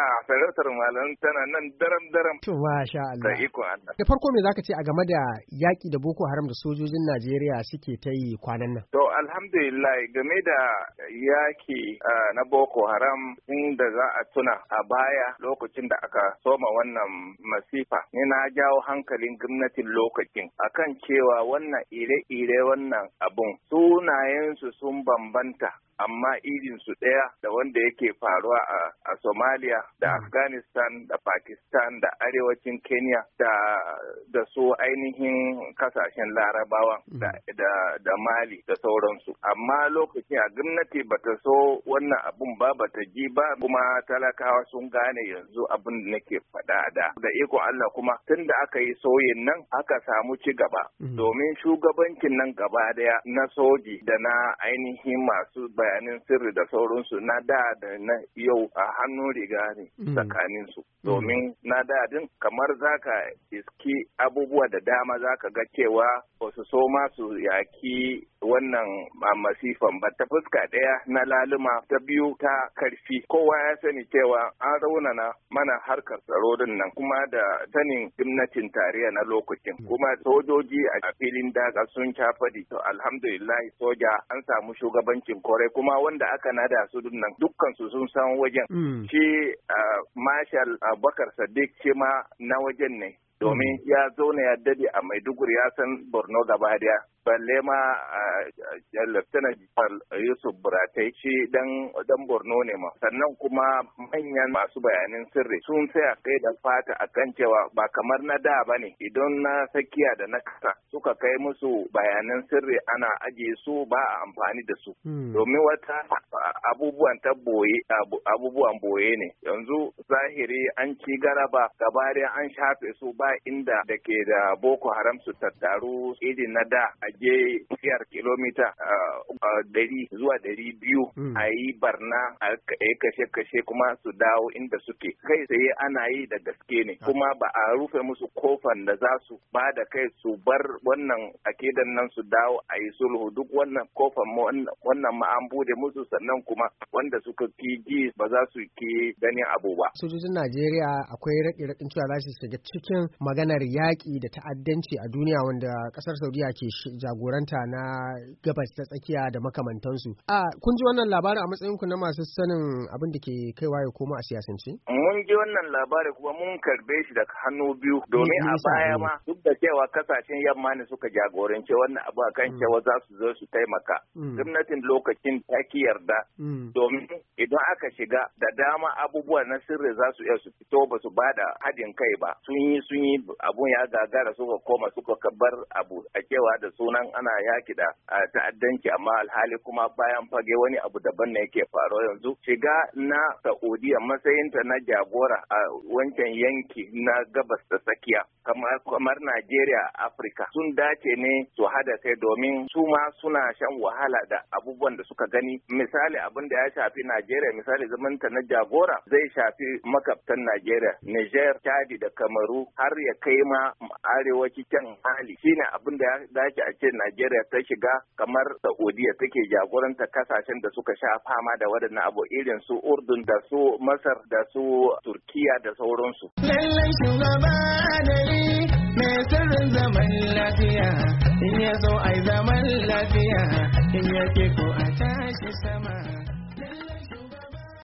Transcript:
a malam tana nan daram daram to masha Allah da iko Allah da farko me zaka ce a game da yaki da Boko Haram da sojojin Najeriya suke ta yi kwanan nan to alhamdulillah game da yaki na Boko Haram inda za a tuna a baya lokacin da aka soma wannan masifa ne na jawo hankalin gwamnatin lokacin akan cewa wannan ire-ire wannan abun sunayensu sun bambanta amma irin su ɗaya da wanda yake faruwa a, Somalia da hmm. Afghanistan da Pakistan da arewacin Kenya da, su ainihin kasashen larabawa hmm. da, Mali da sauran sauransu amma lokacin a gwamnati bata so wannan abun ba bata ji ba kuma talakawa sun gane yanzu abin da nake faɗa da da iko Allah kuma tun da aka yi sauyin nan aka samu ci gaba mm. domin shugabancin nan gaba daya na soji da na ainihin masu bayanin sirri da sauransu na da da na yau a hannun riga ne mm. tsakanin su mm. domin na da din kamar zaka iski abubuwa da dama zaka ga cewa ba su so ma su yaki wannan masifan ba ta fuska ɗaya na laluma ta biyu ta karfi kowa ya sani cewa an raunana mana harkar tsaro din nan kuma da sanin gimnatin tarayya na lokacin kuma sojoji a filin daga sun cafadi to alhamdulillah soja an samu shugabancin kore kuma wanda aka nada su din nan dukkan su sun san wajen mm. shi marshal abubakar sadiq shi ma na wajen ne mm. domin ya zo ne ya dade a maiduguri ya san borno gaba daya balle ma eh, eh, Lieutenant Yusuf Buratai shi dan dan Borno ne ma sannan kuma manyan masu bayanin sirri sun a kai da fata a kan cewa ba kamar na da ba ne. idan na sakiya da na kasa suka kai musu bayanan sirri ana ajiye su ba a amfani da su hmm. domin wata abubuwan ta boye abubuwan boye ne yanzu zahiri an ci garaba gabari an shafe su ba inda da ke da Boko Haram su tattaru irin na da a je tsiyar kilomita ah, ah, dari zuwa dari biyu hmm. a yi barna a yi kashe-kashe kuma su dawo inda suke kai sai ana yi da gaske ne ah. kuma ba a rufe musu kofan da za su ba da kai su bar wannan akidan nan su dawo a yi sulhu duk wannan kofan wannan ma an bude musu sannan kuma wanda suka ki ji ba za su ki ganin abu ba. Sojojin Najeriya akwai raɗe raɗin cewa za su shiga cikin maganar yaƙi da ta'addanci a duniya wanda ƙasar Saudiya ke jagoranta na gabas ta tsakiya da makamantansu. A kun ji wannan labarin a matsayin ku na masu sanin abin da ke kaiwa ya koma a siyasance? Mun ji wannan labarin kuma mun karbe shi daga hannu biyu domin a baya hmm. ma duk da cewa kasashen yamma ne suka jagorance wannan abu akan hmm. cewa za su zo su taimaka. Hmm. Gwamnatin lokacin ta ki yarda domin idan aka shiga da dama abubuwa na sirri za su iya su fito ba su ba da haɗin kai ba sun yi sun yi abun ya gagara suka koma suka kabar abu a cewa da su sunan ana yaki da ta'addanci amma alhali kuma bayan fage wani abu daban ne yake faruwa yanzu shiga na Saudiya matsayinta na jagora a wancan yanki na gabas da tsakiya kamar Najeriya Afirka sun dace ne su hada kai domin su ma suna shan wahala da abubuwan da suka gani misali abin da ya shafi Najeriya misali zaman zamanta na jagora zai shafi makabtan Najeriya Niger Chadi da Kamaru har ya kai ma arewaci can hali shine abin da ya dace a ce Najeriya ta shiga kamar Saudiya take jagoranta kasashen da suka sha fama da waɗannan abu irin su Urdun da su Masar da su Turkiya da sauransu. Lallai shugaba adali mai sirrin zaman lafiya in ya zo ai zaman lafiya in ya ke ko a tashi sama.